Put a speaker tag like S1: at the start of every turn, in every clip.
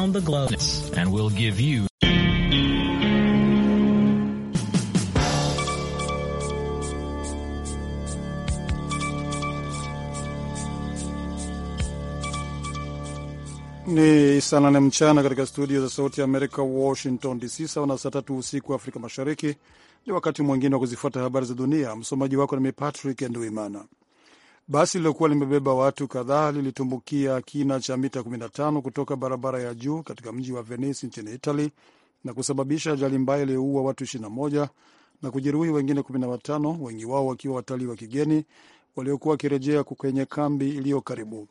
S1: The globe. And we'll give you...
S2: Ni saa nane mchana katika studio za sauti ya Amerika, Washington DC, sawa na saa tatu usiku Afrika Mashariki. Ni wakati mwingine wa kuzifuata habari za dunia. Msomaji wako nami Patrick Nduimana. Basi lilokuwa limebeba watu kadhaa lilitumbukia kina cha mita 15 kutoka barabara ya juu katika mji wa Venice nchini Italy na kusababisha ajali mbaya iliyoua watu 21 na kujeruhi wengine 15, wengi wao wakiwa watalii wa kigeni waliokuwa wakirejea kwenye kambi iliyo karibu.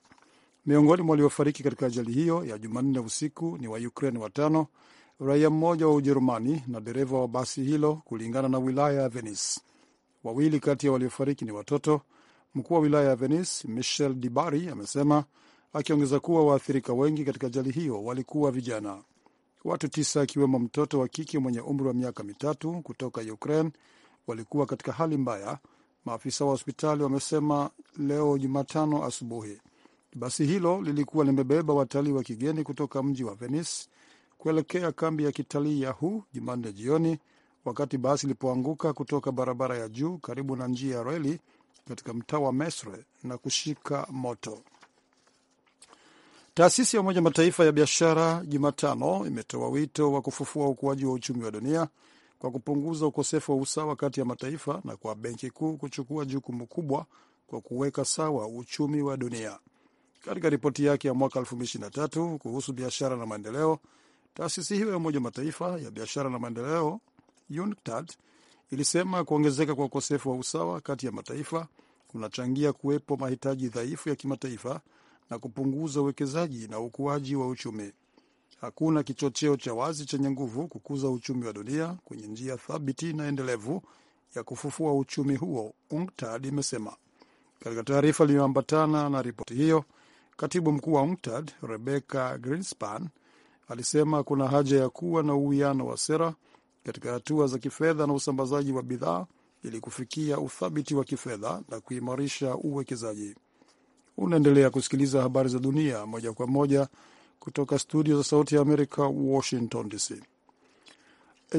S2: Miongoni mwa waliofariki katika ajali hiyo ya Jumanne usiku ni wa Ukraine watano, raia mmoja wa Ujerumani na dereva wa basi hilo, kulingana na wilaya ya Venice. Wawili kati ya waliofariki ni watoto Mkuu wa wilaya ya Venice Michel Dibari amesema, akiongeza kuwa waathirika wengi katika ajali hiyo walikuwa vijana. Watu tisa akiwemo mtoto wa kike mwenye umri wa miaka mitatu kutoka Ukraine walikuwa katika hali mbaya, maafisa wa hospitali wamesema leo Jumatano asubuhi. Basi hilo lilikuwa limebeba watalii wa kigeni kutoka mji wa Venice kuelekea kambi ya kitalii ya Hu Jumanne jioni, wakati basi lilipoanguka kutoka barabara ya juu karibu na njia ya reli katika mtaa wa Mesre na kushika moto. Taasisi ya Umoja Mataifa ya biashara Jumatano imetoa wito wa kufufua ukuaji wa uchumi wa dunia kwa kupunguza ukosefu wa usawa kati ya mataifa na kwa benki kuu kuchukua jukumu kubwa kwa kuweka sawa uchumi wa dunia. Katika ripoti yake ya mwaka 2023 kuhusu biashara na maendeleo, taasisi hiyo ya Umoja Mataifa ya biashara na maendeleo UNCTAD ilisema kuongezeka kwa ukosefu wa usawa kati ya mataifa kunachangia kuwepo mahitaji dhaifu ya kimataifa na kupunguza uwekezaji na ukuaji wa uchumi. Hakuna kichocheo cha wazi chenye nguvu kukuza uchumi wa dunia kwenye njia thabiti na endelevu ya kufufua uchumi huo, UNCTAD imesema katika taarifa iliyoambatana na ripoti hiyo. Katibu mkuu wa UNCTAD Rebecca Greenspan alisema kuna haja ya kuwa na uwiano wa sera katika hatua za kifedha na usambazaji wa bidhaa ili kufikia uthabiti wa kifedha na kuimarisha uwekezaji. Unaendelea kusikiliza habari za dunia moja kwa moja kutoka studio za Sauti ya Amerika, Washington DC.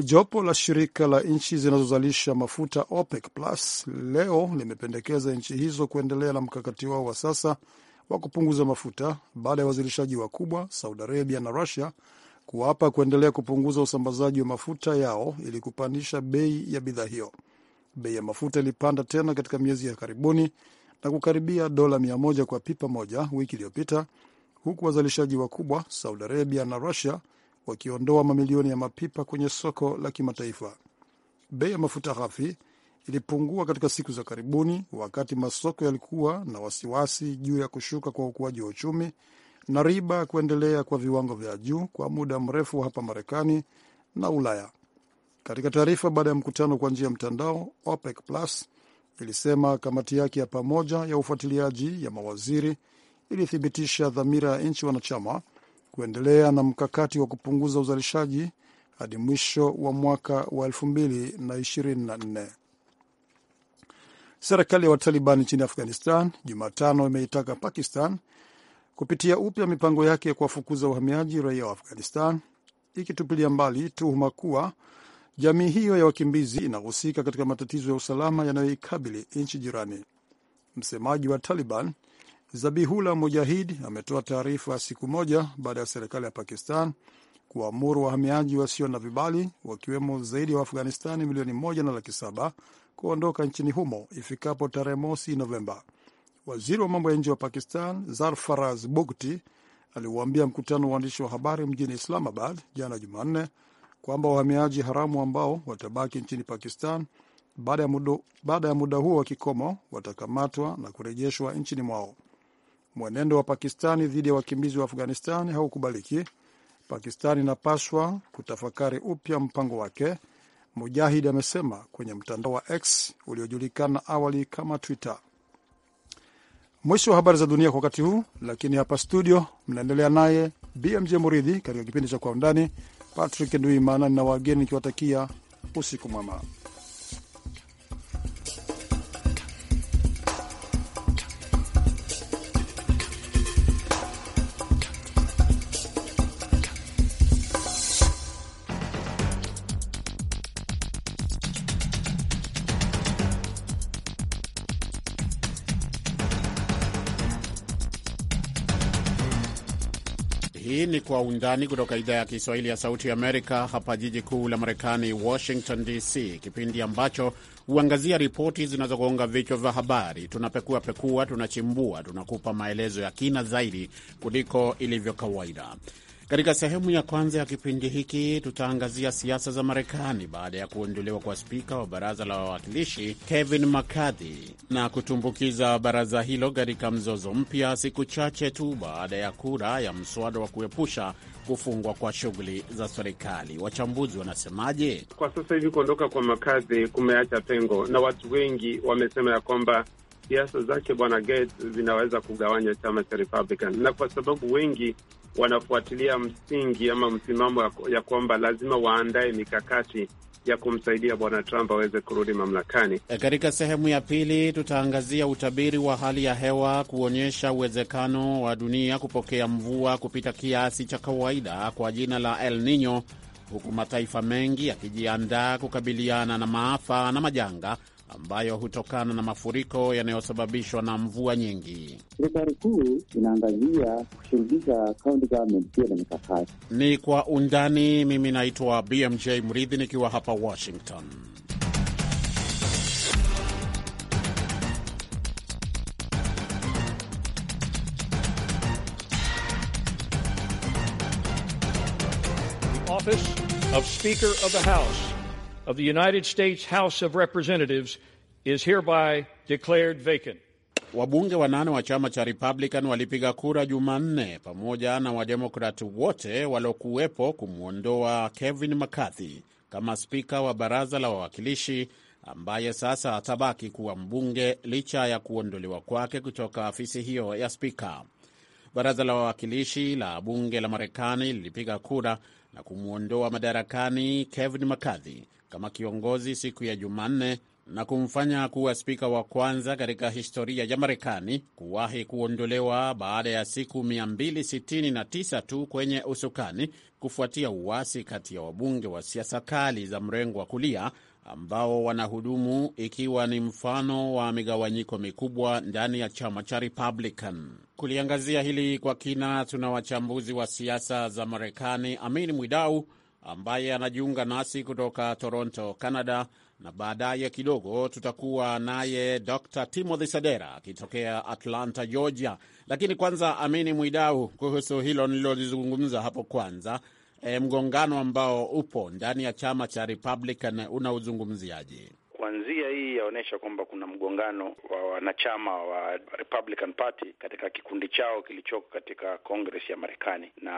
S2: Jopo la shirika la nchi zinazozalisha mafuta OPEC Plus leo limependekeza nchi hizo kuendelea na mkakati wao wa sasa wa kupunguza mafuta baada ya wazalishaji wakubwa Saudi Arabia na Rusia kuwapa kuendelea kupunguza usambazaji wa mafuta yao ili kupandisha bei ya bidhaa hiyo. Bei ya mafuta ilipanda tena katika miezi ya karibuni na kukaribia dola moja kwa pipa moja wiki iliyopita, huku wazalishaji wakubwa Saudi Arabia na Rusia wakiondoa mamilioni ya mapipa kwenye soko la kimataifa. Bei ya mafuta ghafi ilipungua katika siku za karibuni, wakati masoko yalikuwa na wasiwasi juu ya kushuka kwa ukuaji wa uchumi na riba kuendelea kwa viwango vya juu kwa muda mrefu hapa Marekani na Ulaya. Katika taarifa baada ya mkutano kwa njia ya mtandao, OPEC Plus ilisema kamati yake ya pamoja ya ufuatiliaji ya mawaziri ilithibitisha dhamira ya nchi wanachama kuendelea na mkakati wa kupunguza uzalishaji hadi mwisho wa mwaka wa 2024. Serikali ya Wataliban nchini Afghanistan Jumatano imeitaka Pakistan kupitia upya mipango yake ya kuwafukuza wahamiaji raia wa Afghanistan, ikitupilia mbali tuhuma kuwa jamii hiyo ya wakimbizi inahusika katika matatizo ya usalama yanayoikabili nchi jirani. Msemaji wa Taliban Zabihullah Mujahid ametoa taarifa siku moja baada ya serikali ya Pakistan kuamuru wahamiaji wasio na vibali wakiwemo zaidi ya wa Waafghanistani milioni moja na laki saba kuondoka nchini humo ifikapo tarehe mosi Novemba. Waziri wa mambo ya nje wa Pakistan Zarfaraz Bogti aliwaambia mkutano wa waandishi wa habari mjini Islamabad jana Jumanne kwamba wahamiaji haramu ambao watabaki nchini Pakistan baada ya, mudo, baada ya muda huo wa kikomo watakamatwa na kurejeshwa nchini mwao. Mwenendo wa Pakistani dhidi ya wakimbizi wa Afghanistani haukubaliki. Pakistani inapaswa kutafakari upya mpango wake, Mujahid amesema kwenye mtandao wa X uliojulikana awali kama Twitter. Mwisho wa habari za dunia kwa wakati huu, lakini hapa studio mnaendelea naye BMJ Muridhi katika kipindi cha Kwa Undani. Patrick Nduimana na wageni nikiwatakia usiku mwema.
S3: Kwa Undani kutoka idhaa ya Kiswahili ya Sauti ya Amerika, hapa jiji kuu la Marekani, Washington DC, kipindi ambacho huangazia ripoti zinazogonga vichwa vya habari. Tunapekua pekua, tunachimbua, tunakupa maelezo ya kina zaidi kuliko ilivyo kawaida. Katika sehemu ya kwanza ya kipindi hiki tutaangazia siasa za Marekani baada ya kuondolewa kwa spika wa baraza la wawakilishi Kevin McCarthy na kutumbukiza baraza hilo katika mzozo mpya siku chache tu baada ya kura ya mswada wa kuepusha kufungwa kwa shughuli za serikali. Wachambuzi wanasemaje?
S4: Kwa sasa hivi kuondoka kwa McCarthy kumeacha pengo, na watu wengi wamesema ya kwamba siasa zake bwana Gates zinaweza kugawanya chama cha Republican, na kwa sababu wengi wanafuatilia msingi ama msimamo ya kwamba lazima waandae mikakati ya kumsaidia bwana Trump aweze kurudi mamlakani.
S3: E, katika sehemu ya pili tutaangazia utabiri wa hali ya hewa kuonyesha uwezekano wa dunia kupokea mvua kupita kiasi cha kawaida kwa jina la El Nino, huku mataifa mengi yakijiandaa kukabiliana na maafa na majanga ambayo hutokana na mafuriko yanayosababishwa na mvua nyingi.
S5: Serikali kuu inaangazia kushirikisha county government pia na mikakati. Ni
S3: kwa undani. Mimi naitwa BMJ Mridhi nikiwa hapa Washington.
S4: The office of Speaker of the House of the United States House of Representatives is hereby declared vacant.
S3: Wabunge wanane wa chama cha Republican walipiga kura Jumanne pamoja na wademokrati wote waliokuwepo kumwondoa Kevin McCarthy kama spika wa baraza la wawakilishi ambaye sasa atabaki kuwa mbunge licha ya kuondolewa kwake kutoka afisi hiyo ya spika. Baraza la wawakilishi la bunge la Marekani lilipiga kura na kumwondoa madarakani Kevin McCarthy kama kiongozi siku ya Jumanne na kumfanya kuwa spika wa kwanza katika historia ya Marekani kuwahi kuondolewa baada ya siku 269 tu kwenye usukani kufuatia uasi kati ya wabunge wa siasa kali za mrengo wa kulia ambao wanahudumu ikiwa ni mfano wa migawanyiko mikubwa ndani ya chama cha Republican. Kuliangazia hili kwa kina, tuna wachambuzi wa siasa za Marekani Amin Mwidau ambaye anajiunga nasi kutoka Toronto, Canada, na baadaye kidogo tutakuwa naye Dr Timothy Sadera akitokea Atlanta, Georgia. Lakini kwanza, Amini Mwidau, kuhusu hilo nililolizungumza hapo kwanza, e, mgongano ambao upo ndani ya chama cha Republican unauzungumziaje?
S6: kuanzia hii yaonyesha kwamba kuna mgongano wa wanachama wa Republican Party katika kikundi chao kilichoko katika Congress ya Marekani, na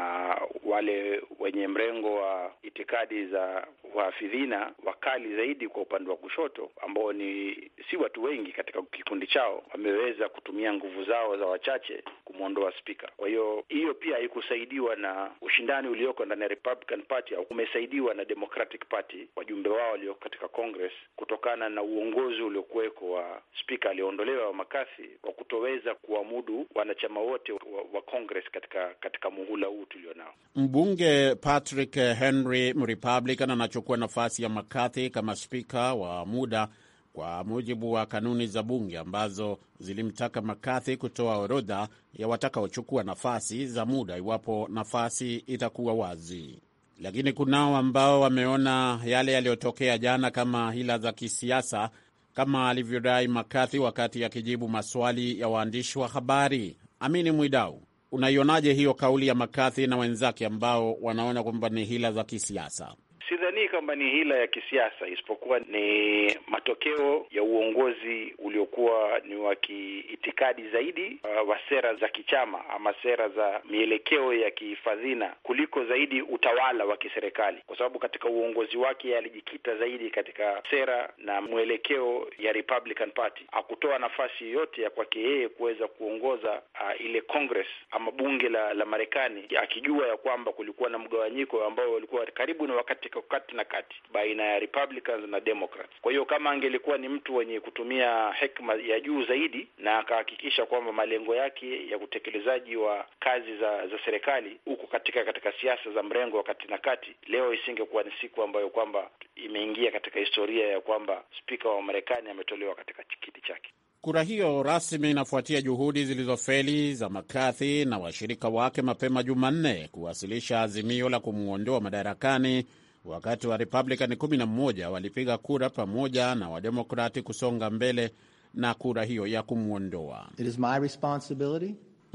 S6: wale wenye mrengo wa itikadi za wahafidhina wakali zaidi kwa upande wa kushoto, ambao ni si watu wengi katika kikundi chao, wameweza kutumia nguvu zao za wachache kumwondoa spika. Kwa hiyo hiyo pia haikusaidiwa na ushindani ulioko ndani ya Republican Party, au umesaidiwa na Democratic Party, wajumbe wao walioko katika Congress, kutokana na uongozi uliokuweko wa spika aliyoondolewa wa makasi wa kutoweza kuamudu wanachama wote wa, wa Congress katika katika muhula huu tulionao.
S3: Mbunge Patrick Henry Republican anachukua nafasi ya McCarthy kama spika wa muda kwa mujibu wa kanuni za bunge ambazo zilimtaka McCarthy kutoa orodha ya watakaochukua nafasi za muda iwapo nafasi itakuwa wazi. Lakini kunao ambao wameona yale yaliyotokea jana kama hila za kisiasa, kama alivyodai McCarthy wakati akijibu maswali ya waandishi wa habari. Amini Mwidau, unaionaje hiyo kauli ya McCarthy na wenzake ambao wanaona kwamba ni hila za kisiasa?
S6: sidhanii kwamba ni hila ya kisiasa, isipokuwa ni matokeo ya uongozi uliokuwa ni wa kiitikadi zaidi, uh, wa sera za kichama ama sera za mielekeo ya kifadhina kuliko zaidi utawala wa kiserikali, kwa sababu katika uongozi wake alijikita zaidi katika sera na mwelekeo ya Republican Party. Hakutoa nafasi yoyote ya kwake yeye kuweza kuongoza uh, ile Congress ama bunge la, la Marekani, akijua ya kwamba kulikuwa na mgawanyiko ambao walikuwa karibu na wakati kati na kati baina ya Republicans na Democrats. Kwa hiyo kama angelikuwa ni mtu wenye kutumia hekima ya juu zaidi na akahakikisha kwamba malengo yake ya utekelezaji wa kazi za za serikali uko katika katika siasa za mrengo wa kati na kati, leo isingekuwa ni siku ambayo kwamba imeingia katika historia ya kwamba spika wa Marekani ametolewa katika kiti
S3: chake. Kura hiyo rasmi inafuatia juhudi zilizofeli za McCarthy na washirika wake mapema Jumanne kuwasilisha azimio la kumwondoa madarakani wakati wa Republican 11 walipiga kura pamoja na Wademokrati kusonga mbele na kura hiyo ya kumwondoa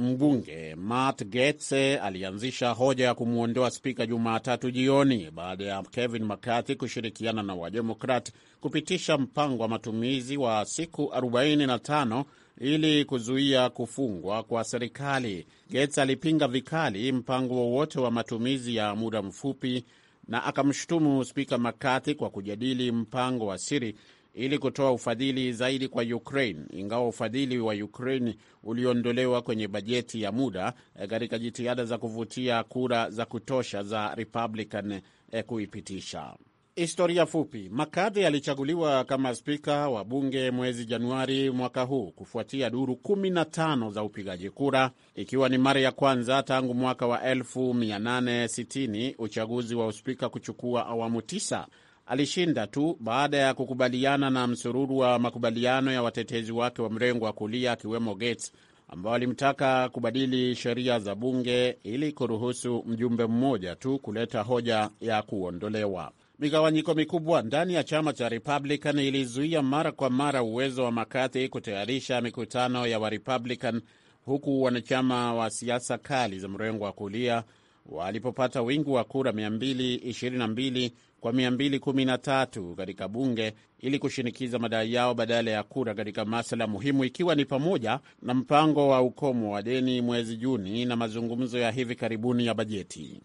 S3: mbunge. Matt Getse alianzisha hoja ya kumwondoa spika Jumatatu jioni baada ya Kevin McCarthy kushirikiana na Wademokrat kupitisha mpango wa matumizi wa siku 45 ili kuzuia kufungwa kwa serikali. gets alipinga vikali mpango wowote wa matumizi ya muda mfupi na akamshutumu Spika McCarthy kwa kujadili mpango wa siri ili kutoa ufadhili zaidi kwa Ukraine, ingawa ufadhili wa Ukraine uliondolewa kwenye bajeti ya muda eh, katika jitihada za kuvutia kura za kutosha za Republican eh, kuipitisha. Historia fupi. makadhi alichaguliwa kama spika wa bunge mwezi Januari mwaka huu kufuatia duru 15 za upigaji kura, ikiwa ni mara ya kwanza tangu mwaka wa 1860 uchaguzi wa uspika kuchukua awamu 9. Alishinda tu baada ya kukubaliana na msururu wa makubaliano ya watetezi wake wa mrengo wa kulia akiwemo Gates ambao alimtaka kubadili sheria za bunge ili kuruhusu mjumbe mmoja tu kuleta hoja ya kuondolewa. Migawanyiko mikubwa ndani ya chama cha Republican ilizuia mara kwa mara uwezo wa McCarthy kutayarisha mikutano ya Warepublican, huku wanachama wa siasa kali za mrengo wa kulia walipopata wingi wa kura 222 kwa 213 katika bunge ili kushinikiza madai yao badala ya kura katika masuala muhimu, ikiwa ni pamoja na mpango wa ukomo wa deni mwezi Juni na mazungumzo ya hivi karibuni ya bajeti.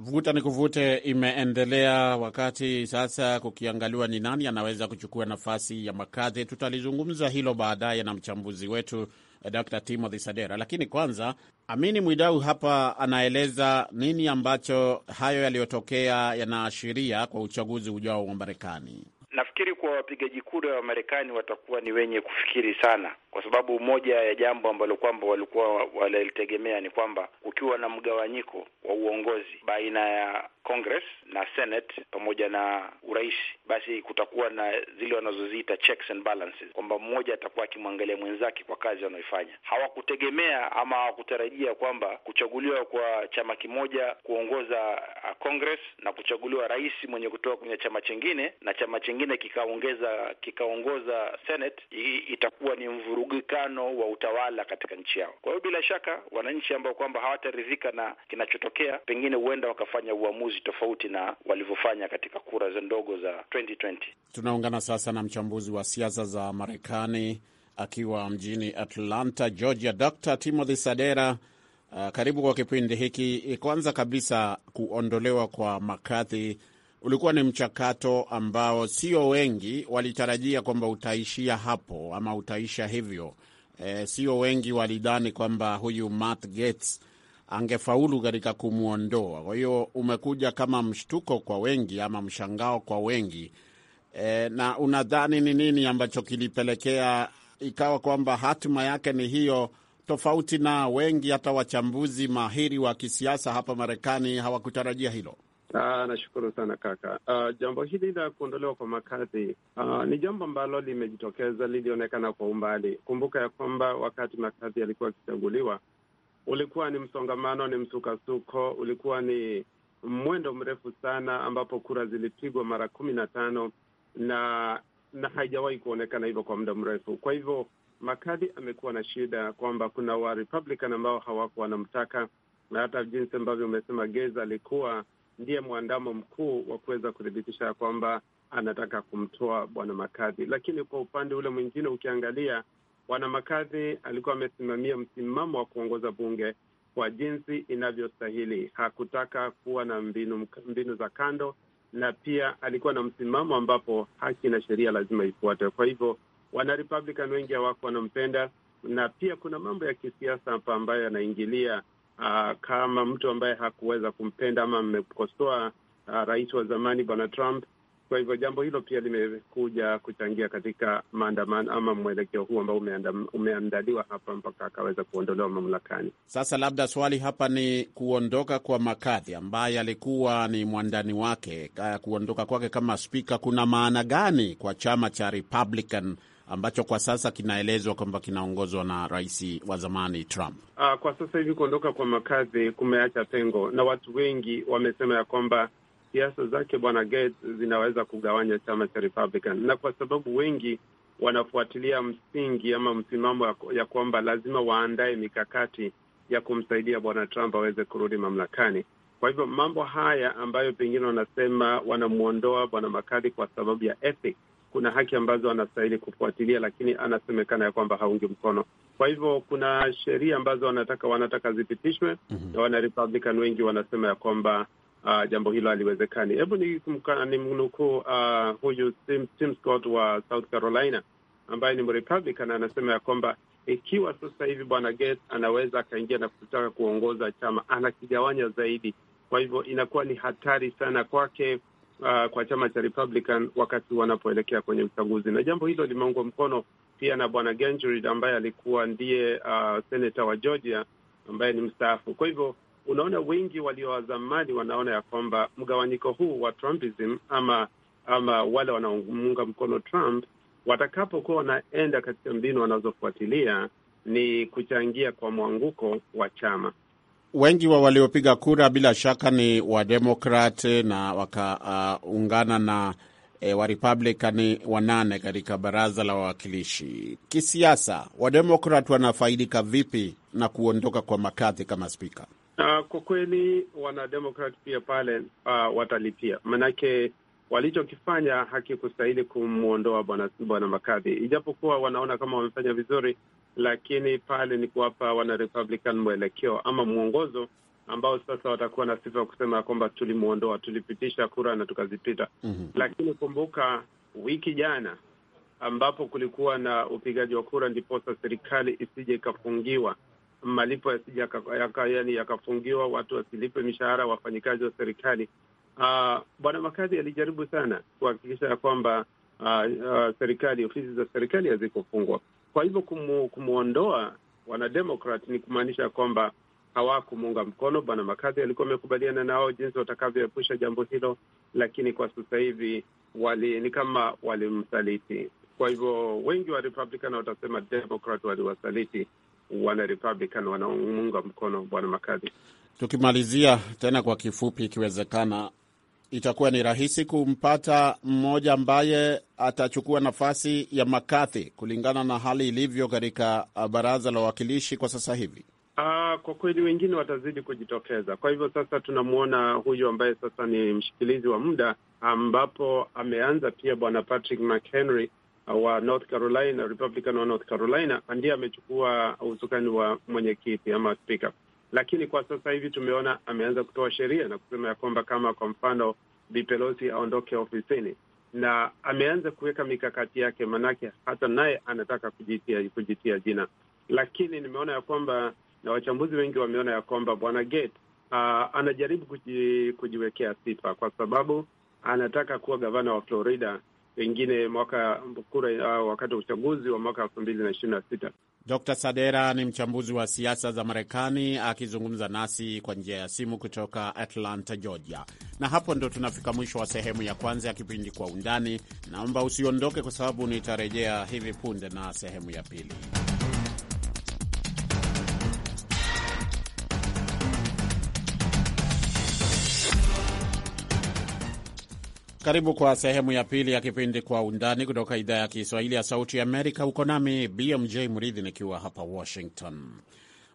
S3: Vuta ni kuvute imeendelea, wakati sasa kukiangaliwa ni nani anaweza kuchukua nafasi ya Makadhi. Tutalizungumza hilo baadaye na mchambuzi wetu eh, Dr Timothy Sadera, lakini kwanza Amini Mwidau hapa anaeleza nini ambacho hayo yaliyotokea yanaashiria kwa uchaguzi ujao wa Marekani.
S6: Nafikiri kuwa wapigaji kura wa Marekani watakuwa ni wenye kufikiri sana kwa sababu moja ya jambo ambalo kwamba walikuwa walilitegemea ni kwamba kukiwa na mgawanyiko wa uongozi baina ya Congress na Senate pamoja na urais, basi kutakuwa na zile wanazoziita checks and balances, kwamba mmoja atakuwa akimwangalia mwenzake kwa kazi wanaoifanya. Hawakutegemea ama hawakutarajia kwamba kuchaguliwa kwa chama kimoja kuongoza uh, Congress na kuchaguliwa rais mwenye kutoka kwenye chama chingine na chama chingine kikaongeza kikaongoza Senate, itakuwa ni mvuru mvurugikano wa utawala katika nchi yao. Kwa hiyo bila shaka wananchi ambao kwamba hawataridhika na kinachotokea, pengine huenda wakafanya uamuzi tofauti na walivyofanya katika kura za ndogo za 2020.
S3: Tunaungana sasa na mchambuzi wa siasa za Marekani akiwa mjini Atlanta, Georgia, Dr. Timothy Sadera. Uh, karibu kwa kipindi hiki. Kwanza kabisa kuondolewa kwa makadhi ulikuwa ni mchakato ambao sio wengi walitarajia kwamba utaishia hapo ama utaisha hivyo. E, sio wengi walidhani kwamba huyu Matt Gaetz angefaulu katika kumwondoa. Kwa hiyo umekuja kama mshtuko kwa wengi ama mshangao kwa wengi. E, na unadhani ni nini ambacho kilipelekea ikawa kwamba hatima yake ni hiyo, tofauti na wengi hata wachambuzi mahiri wa kisiasa hapa Marekani hawakutarajia hilo?
S4: Ah, nashukuru sana kaka. Ah, jambo hili la kuondolewa kwa makazi ah, ni jambo ambalo limejitokeza, lilionekana kwa umbali. Kumbuka ya kwamba wakati makazi yalikuwa yakichaguliwa, ulikuwa ni msongamano, ni msukasuko, ulikuwa ni mwendo mrefu sana, ambapo kura zilipigwa mara kumi na tano na na haijawahi kuonekana hivyo kwa muda mrefu. Kwa hivyo makadhi amekuwa na shida kwamba kuna wa Republican ambao hawakuwa wanamtaka, na hata jinsi ambavyo umesema Geza alikuwa ndiye mwandamo mkuu wa kuweza kuthibitisha ya kwamba anataka kumtoa bwana Makadhi. Lakini kwa upande ule mwingine, ukiangalia bwana Makadhi alikuwa amesimamia msimamo wa kuongoza bunge kwa jinsi inavyostahili. Hakutaka kuwa na mbinu, mbinu za kando, na pia alikuwa na msimamo ambapo haki na sheria lazima ifuate Kwa hivyo wana Republican wengi hawako wanampenda, na pia kuna mambo ya kisiasa hapa ambayo yanaingilia uh, kama mtu ambaye hakuweza kumpenda ama amekosoa uh, rais wa zamani bwana Trump. Kwa hivyo jambo hilo pia limekuja kuchangia katika maandamano ama mwelekeo huu ambao umeandaliwa hapa mpaka akaweza kuondolewa mamlakani.
S3: Sasa labda swali hapa ni kuondoka kwa McCarthy ambaye alikuwa ni mwandani wake, kuondoka kwake kama spika kuna maana gani kwa chama cha Republican ambacho kwa sasa kinaelezwa kwamba kinaongozwa na rais wa zamani Trump.
S4: Uh, kwa sasa hivi kuondoka kwa makazi kumeacha pengo, na watu wengi wamesema ya kwamba siasa zake bwana Gates zinaweza kugawanya chama cha Republican, na kwa sababu wengi wanafuatilia msingi ama msimamo ya kwamba lazima waandae mikakati ya kumsaidia bwana Trump aweze kurudi mamlakani. Kwa hivyo mambo haya ambayo pengine wanasema wanamwondoa bwana makadhi kwa sababu ya ethics kuna haki ambazo anastahili kufuatilia, lakini anasemekana ya kwamba haungi mkono. Kwa hivyo kuna sheria ambazo wanataka wanataka zipitishwe mhm. na mm -hmm. wana Republican wengi wanasema ya kwamba uh, jambo hilo haliwezekani. Hebu ni mnukuu uh, huyu Tim, Tim Scott wa South Carolina ambaye ni Mrepublican anasema ya kwamba ikiwa sasa hivi bwana Gates anaweza akaingia na kutaka kuongoza chama, anakigawanya zaidi. Kwa hivyo inakuwa ni hatari sana kwake uh, kwa chama cha Republican wakati wanapoelekea kwenye uchaguzi, na jambo hilo limeungwa mkono pia na bwana Gentry ambaye alikuwa ndiye uh, senator wa Georgia ambaye ni mstaafu. Kwa hivyo unaona, wengi walio wazamani wanaona ya kwamba mgawanyiko huu wa Trumpism ama ama wale wanaomuunga mkono Trump watakapokuwa wanaenda katika mbinu wanazofuatilia ni kuchangia kwa mwanguko wa chama
S3: wengi wa waliopiga kura bila shaka ni Wademokrat na wakaungana uh, na E, eh, Warepublikani wanane katika baraza la wawakilishi. Kisiasa, Wademokrat wanafaidika vipi na kuondoka kwa makadhi kama spika?
S4: Uh, kwa kweli Wanademokrat pia pale uh, watalipia, manake walichokifanya hakikustahili kumwondoa bwana bwana Makadhi, ijapokuwa wanaona kama wamefanya vizuri, lakini pale ni kuwapa wana Republican mwelekeo ama mwongozo ambao sasa watakuwa na sifa ya kusema ya kwamba tulimwondoa, tulipitisha kura na tukazipita. mm -hmm. Lakini kumbuka wiki jana ambapo kulikuwa na upigaji wa kura, ndiposa serikali isije ikafungiwa, malipo yasije yaka, yaka, yani yakafungiwa, watu wasilipe mishahara wafanyikazi wa serikali Uh, Bwana Makadhi alijaribu sana kuhakikisha ya kwamba uh, uh, serikali ofisi za serikali hazikufungwa. Kwa hivyo kumu, kumwondoa wanademokrat ni kumaanisha kwamba hawakumuunga mkono. Bwana Makadhi alikuwa amekubaliana nao jinsi watakavyoepusha jambo hilo, lakini kwa sasa hivi wali ni kama walimsaliti. Kwa hivyo wengi wa Republican watasema Democrat waliwasaliti wana Republican
S3: wanamuunga mkono Bwana Makadhi. Tukimalizia tena kwa kifupi, ikiwezekana, itakuwa ni rahisi kumpata mmoja ambaye atachukua nafasi ya McCarthy kulingana na hali ilivyo katika uh, baraza la wawakilishi kwa sasa hivi?
S4: Uh, kwa kweli wengine watazidi kujitokeza. Kwa hivyo sasa tunamwona huyu ambaye sasa ni mshikilizi wa muda ambapo ameanza pia bwana Patrick McHenry uh, wa North Carolina, Republican wa North Carolina, ndiye amechukua usukani wa mwenyekiti ama spika lakini kwa sasa hivi tumeona ameanza kutoa sheria na kusema ya kwamba kama kwa mfano Bi Pelosi aondoke ofisini, na ameanza kuweka mikakati yake, manake hata naye anataka kujitia kujitia jina. Lakini nimeona ya kwamba na wachambuzi wengi wameona ya kwamba bwana Gates uh, anajaribu kuji, kujiwekea sifa kwa sababu anataka kuwa gavana wa Florida pengine mwaka kura, uh, wakati wa uchaguzi wa mwaka elfu mbili na ishirini na sita.
S3: Dr Sadera ni mchambuzi wa siasa za Marekani akizungumza nasi kwa njia ya simu kutoka Atlanta, Georgia. Na hapo ndo tunafika mwisho wa sehemu ya kwanza ya kipindi Kwa Undani. Naomba usiondoke, kwa sababu nitarejea hivi punde na sehemu ya pili. Karibu kwa sehemu ya pili ya kipindi Kwa Undani kutoka idhaa ya Kiswahili ya Sauti ya Amerika. Huko nami BMJ Mridhi nikiwa hapa Washington.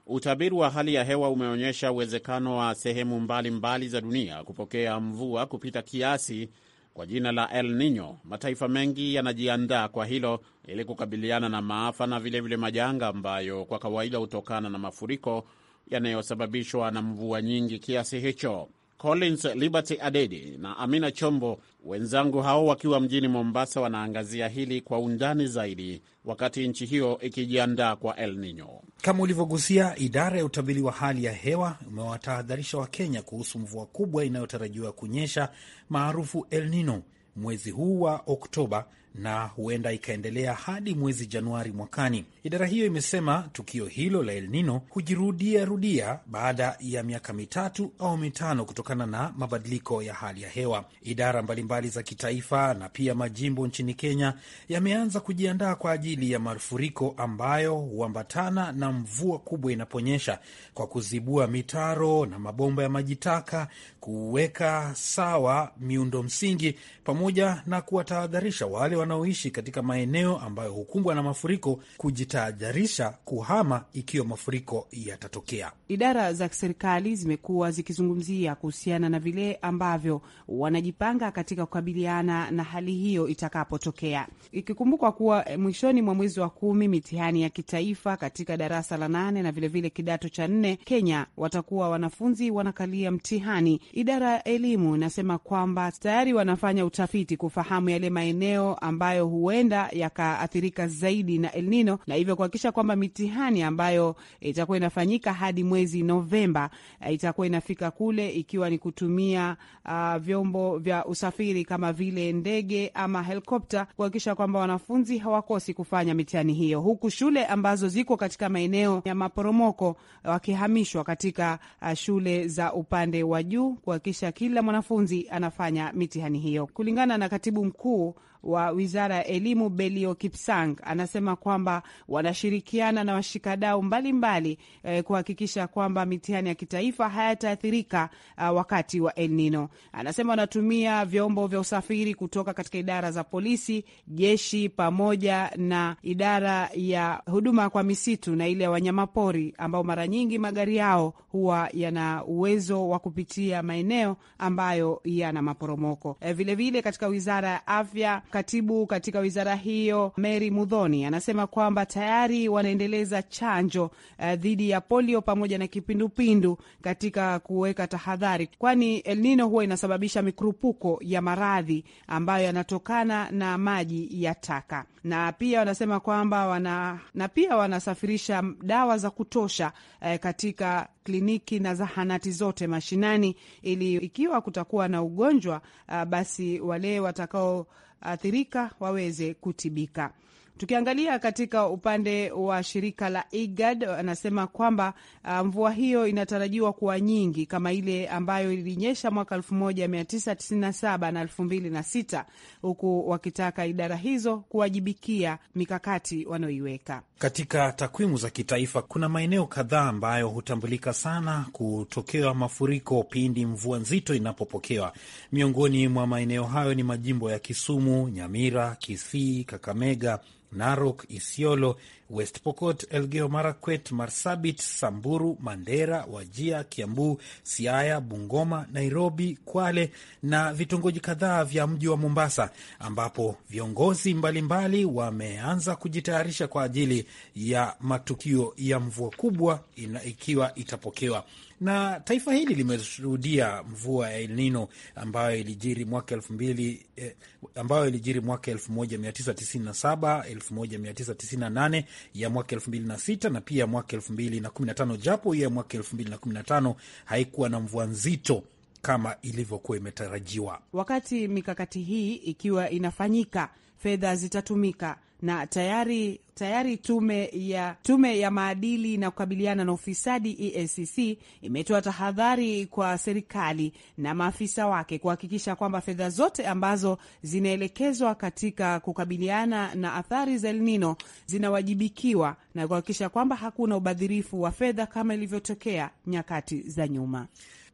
S3: Utabiri wa hali ya hewa umeonyesha uwezekano wa sehemu mbalimbali mbali za dunia kupokea mvua kupita kiasi kwa jina la El Nino. Mataifa mengi yanajiandaa kwa hilo ili kukabiliana na maafa na vilevile vile majanga ambayo kwa kawaida hutokana na mafuriko yanayosababishwa na mvua nyingi kiasi hicho. Collins Liberty Adedi na Amina Chombo, wenzangu hao wakiwa mjini Mombasa, wanaangazia hili kwa undani zaidi, wakati nchi hiyo ikijiandaa kwa El Nino.
S1: Kama ulivyogusia, idara ya utabiri wa hali ya hewa umewatahadharisha Wakenya kuhusu mvua kubwa inayotarajiwa kunyesha maarufu El Nino mwezi huu wa Oktoba na huenda ikaendelea hadi mwezi Januari mwakani. Idara hiyo imesema tukio hilo la El Nino hujirudia rudia baada ya miaka mitatu au mitano kutokana na mabadiliko ya hali ya hewa. Idara mbalimbali za kitaifa na pia majimbo nchini Kenya yameanza kujiandaa kwa ajili ya mafuriko ambayo huambatana na mvua kubwa inaponyesha kwa kuzibua mitaro na mabomba ya maji taka, kuweka sawa miundo msingi, pamoja na kuwatahadharisha wale wanaoishi katika maeneo ambayo hukumbwa na mafuriko kujitajarisha kuhama ikiwa mafuriko yatatokea.
S7: Idara za serikali zimekuwa zikizungumzia kuhusiana na vile ambavyo wanajipanga katika kukabiliana na hali hiyo itakapotokea, ikikumbukwa kuwa eh, mwishoni mwa mwezi wa kumi mitihani ya kitaifa katika darasa la nane na vilevile vile kidato cha nne Kenya watakuwa wanafunzi wanakalia mtihani. Idara ya elimu inasema kwamba tayari wanafanya utafiti kufahamu yale maeneo ambayo huenda yakaathirika zaidi na El Nino na hivyo kuhakikisha kwamba mitihani ambayo itakuwa inafanyika hadi mwezi Novemba eh, itakuwa inafika kule ikiwa ni kutumia uh, vyombo vya usafiri kama vile ndege ama helikopta kuhakikisha kwamba wanafunzi hawakosi kufanya mitihani hiyo, huku shule ambazo ziko katika maeneo ya maporomoko wakihamishwa katika uh, shule za upande wa juu kuhakikisha kila mwanafunzi anafanya mitihani hiyo kulingana na katibu mkuu wa wizara ya elimu Belio Kipsang anasema kwamba wanashirikiana na washikadau mbalimbali eh, kuhakikisha kwamba mitihani ya kitaifa hayataathirika uh, wakati wa El Nino. Anasema wanatumia vyombo vya usafiri kutoka katika idara za polisi, jeshi, pamoja na idara ya huduma kwa misitu na ile ya wanyamapori, ambao mara nyingi magari yao huwa yana uwezo wa kupitia maeneo ambayo yana maporomoko. Vilevile eh, vile katika wizara ya afya Katibu katika wizara hiyo Mary Mudhoni anasema kwamba tayari wanaendeleza chanjo uh, dhidi ya polio pamoja na kipindupindu katika kuweka tahadhari, kwani El Nino huwa inasababisha mikurupuko ya maradhi ambayo yanatokana na maji ya taka, na pia wanasema kwamba wana na pia wanasafirisha dawa za kutosha uh, katika kliniki na zahanati zote mashinani, ili ikiwa kutakuwa na ugonjwa uh, basi wale watakao walioathirika waweze kutibika. Tukiangalia katika upande wa shirika la IGAD anasema kwamba uh, mvua hiyo inatarajiwa kuwa nyingi kama ile ambayo ilinyesha mwaka 1997 na 2006, huku wakitaka idara hizo kuwajibikia mikakati wanaoiweka.
S1: Katika takwimu za kitaifa kuna maeneo kadhaa ambayo hutambulika sana kutokewa mafuriko pindi mvua nzito inapopokewa. Miongoni mwa maeneo hayo ni majimbo ya Kisumu, Nyamira, Kisii, Kakamega, Narok, Isiolo, West Pokot, Elgeo Marakwet, Marsabit, Samburu, Mandera, Wajia, Kiambu, Siaya, Bungoma, Nairobi, Kwale na vitongoji kadhaa vya mji wa Mombasa, ambapo viongozi mbalimbali wameanza kujitayarisha kwa ajili ya matukio ya mvua kubwa ina, ikiwa itapokewa na taifa hili limeshuhudia mvua ya El Nino ambayo ilijiri mwaka elfu mbili eh, ambayo ilijiri mwaka elfu moja mia tisa tisini na saba elfu moja mia tisa tisini na nane ya mwaka elfu mbili na sita na pia mwaka elfu mbili na kumi na tano japo hiyo ya mwaka elfu mbili na kumi na tano haikuwa na mvua nzito kama ilivyokuwa imetarajiwa.
S7: Wakati mikakati hii ikiwa inafanyika fedha zitatumika na tayari tayari tume ya tume ya maadili na kukabiliana na ufisadi EACC imetoa tahadhari kwa serikali na maafisa wake kuhakikisha kwamba fedha zote ambazo zinaelekezwa katika kukabiliana na athari za El Nino zinawajibikiwa na kuhakikisha kwamba hakuna ubadhirifu wa fedha kama ilivyotokea nyakati za nyuma.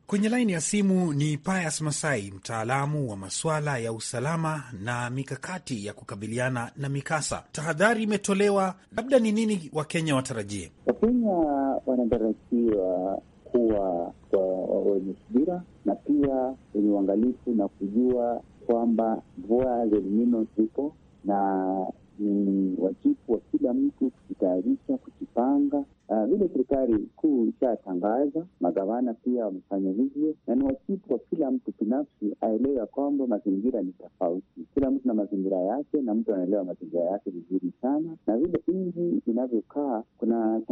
S1: Kwenye laini ya simu ni Pius Masai, mtaalamu wa masuala ya usalama na mikakati ya kukabiliana na mikasa. Tahadhari imetolewa, labda ni nini wakenya watarajie?
S5: Wakenya wanatarajiwa kuwa wenye subira na pia wenye uangalifu na kujua kwamba mvua za Elnino zipo na ni wajibu wa kila mtu kujitayarisha vile serikali kuu ishatangaza, magavana pia wamefanya hivyo, na ni wajibu wa kila mtu binafsi aelewe ya kwamba mazingira ni tofauti. Kila mtu na mazingira yake, na mtu anaelewa mazingira yake vizuri sana, na vile nchi inavyokaa, kuna eh,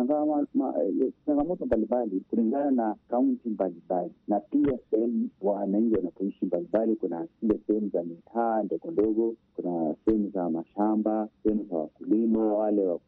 S5: changamoto mbalimbali kulingana na kaunti mbalimbali, na pia sehemu wananchi wanapoishi mbalimbali. Kuna zile sehemu za mitaa ndogo ndogo, kuna sehemu za mashamba, sehemu za wakulima wale wa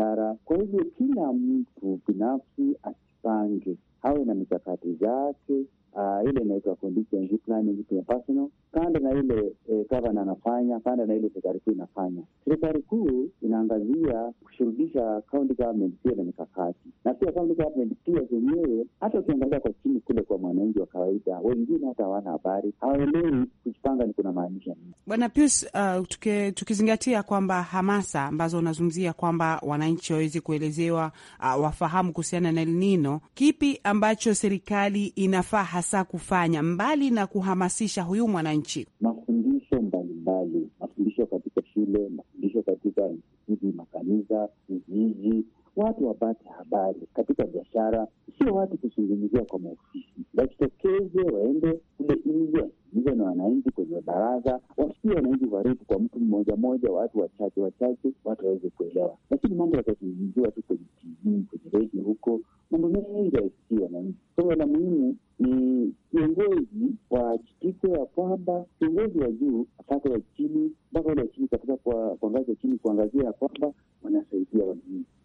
S5: biashara. Kwa hivyo kila mtu binafsi asipange, awe na mikakati zake. Uh, ah, ile inaitwa contingency planning ya personal, kando na ile eh, gavana anafanya, kando na ile serikali kuu inafanya. Serikali kuu inaangazia kushurudisha county government pia na mikakati na pia kama ilivyo tumelipia zenyewe, hata ukiangalia kwa chini kule kwa mwananchi wa kawaida, wengine hata hawana habari, hawaelewi kujipanga ni kuna maanisha nini.
S7: Bwana Pius, uh, tuke, tukizingatia kwamba hamasa ambazo unazungumzia kwamba wananchi waweze kuelezewa, uh, wafahamu kuhusiana na El Nino, kipi ambacho serikali inafaa hasa kufanya mbali na kuhamasisha huyu mwananchi?
S5: Mafundisho mbalimbali, mafundisho katika shule, mafundisho katika vijiji, makanisa, vijiji watu wapate habari katika biashara, sio watu kuzungumzia kwa maofisi, wajitokeze waende kule nje nje na wananchi kwenye baraza, wasikie wananchi karibu kwa mtu mmoja mmoja, watu wachache wachache, watu waweze kuelewa. Lakini mambo yatazungumziwa tu kwenye TV, kwenye redio, huko mambo mengi yasikii wananchi. Kwa la muhimu ni viongozi wahakikishe ya kwamba kiongozi wa juu mpaka wa chini, mpaka ule wa chini katika kwa ngazi ya chini, kuangazia ya kwamba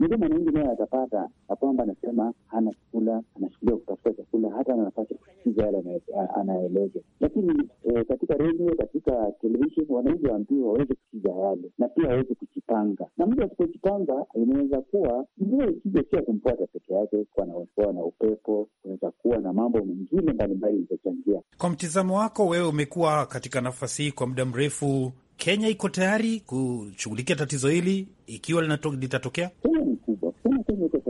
S5: ndio mwananchi naye atapata ya kwamba anasema hana chakula, anashindia kutafuta chakula, hata ana nafasi ya kusikiza yale anaeleza. Lakini eh, katika redio, katika televishen, wananchi waambiwa waweze kusikiza yale na pia waweze kujipanga, na mtu asipojipanga inaweza kuwa mvua ikija sio kumpata peke yake, kuwa na na upepo, unaweza kuwa na mambo mengine mbalimbali ilizochangia.
S1: Kwa mtizamo wako wewe, umekuwa katika nafasi hii kwa muda mrefu, Kenya iko tayari kushughulikia tatizo hili ikiwa litatokea?
S5: hmm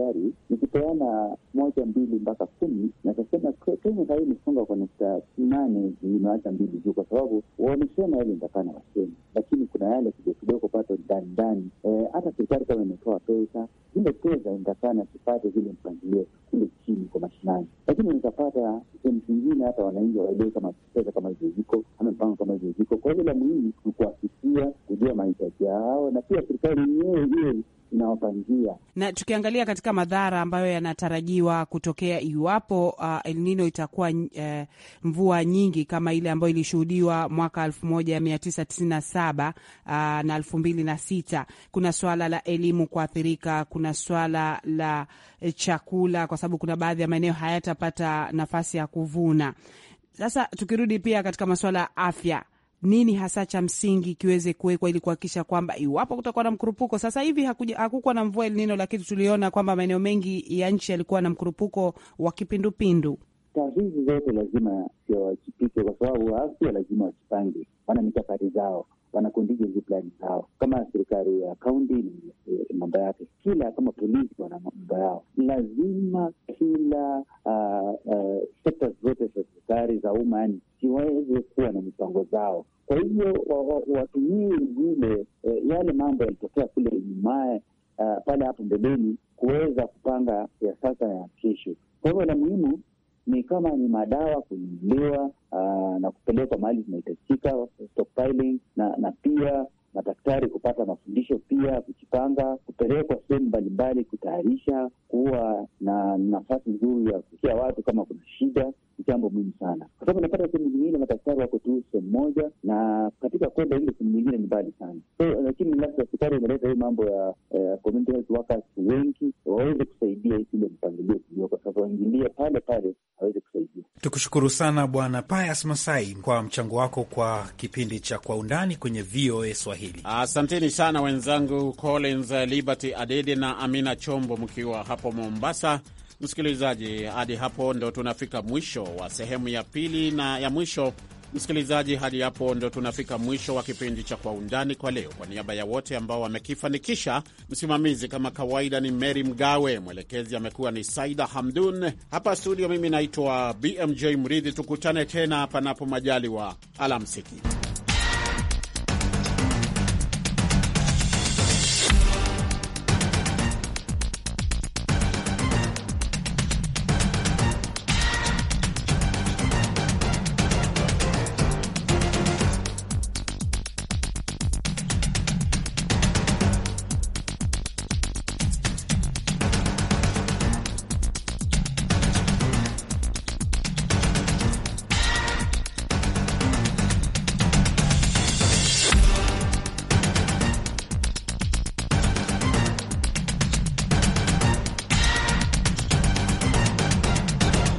S5: gari nikipeana moja mbili mpaka kumi, nakasema Kenya sahii imefunga kwa nukta nane hivi, imewacha mbili juu, kwa sababu wamesema yale nitakaa na Wakenya, lakini kuna yale kidogo kidogo pato ndani ndani. E, hata serikali kama imetoa pesa, zile pesa nitakana tupate zile mpangilio kule chini kwa mashinani, lakini nikapata sehemu zingine hata wananchi waelewe kama pesa kama hizo ziko ama mpango kama hizo ziko. Kwa hivyo la muhimu ni kuwafikia, kujua mahitaji yao na pia serikali yenyewe hiyo inawapangia.
S7: Na tukiangalia katika madhara ambayo yanatarajiwa kutokea iwapo uh, El Nino itakuwa uh, mvua nyingi kama ile ambayo ilishuhudiwa mwaka elfu moja mia tisa tisini na saba uh, na elfu mbili na sita kuna swala la elimu kuathirika, kuna swala la eh, chakula, kwa sababu kuna baadhi ya maeneo hayatapata nafasi ya kuvuna. Sasa tukirudi pia katika masuala ya afya nini hasa cha msingi kiweze kuwekwa ili kuhakikisha kwamba iwapo kutakuwa na mkurupuko. Sasa hivi hakukuwa na mvua El Nino, lakini tuliona kwamba maeneo mengi ya nchi yalikuwa na mkurupuko wa kipindupindu
S5: taasisi zote lazima wakipike kwa sababu afya lazima wajipange, wana mikakati zao, wana contingency plan zao. Kama serikali ya kaunti ni eh, mambo yake, kila kama polisi wana mambo yao. Lazima kila uh, uh, sekta zote za serikali za umma, yani ziweze kuwa na mipango zao kwa hivyo watumie wa, zile eh, yale mambo yalitokea kule nyumaye ah, pale hapo mbeleni kuweza kupanga ya sasa ya kesho. Kwa hivyo la muhimu ni kama ni madawa kuinuliwa ah, na kupelekwa mahali zinahitajika, stockpiling na, na pia madaktari kupata mafundisho pia kujipanga, kupelekwa sehemu mbalimbali, kutayarisha, kuwa na nafasi nzuri ya kufikia watu kama kuna shida ni jambo muhimu sana, kwa sababu unapata sehemu zingine madaktari wako tu sehemu moja, na katika kwenda ile sehemu nyingine ni mbali sana. So lakini labda serikali imeleta hii mambo ya eh, community health workers wengi waweze kusaidia ile mpangilio kilio, kwa sababu waingilie pale pale waweze
S1: kusaidia. Tukushukuru sana Bwana Pius Masai kwa mchango wako kwa kipindi cha Kwa Undani kwenye VOA Swahili.
S3: Asanteni sana wenzangu Collins Liberty Adede na Amina Chombo mkiwa hapo Mombasa. Msikilizaji, hadi hapo ndo tunafika mwisho wa sehemu ya pili na ya mwisho. Msikilizaji, hadi hapo ndo tunafika mwisho wa kipindi cha Kwa Undani kwa leo. Kwa niaba ya wote ambao wamekifanikisha, msimamizi kama kawaida ni Meri Mgawe, mwelekezi amekuwa ni Saida Hamdun. Hapa studio, mimi naitwa BMJ Mridhi. Tukutane tena panapo majaliwa. Alamsiki.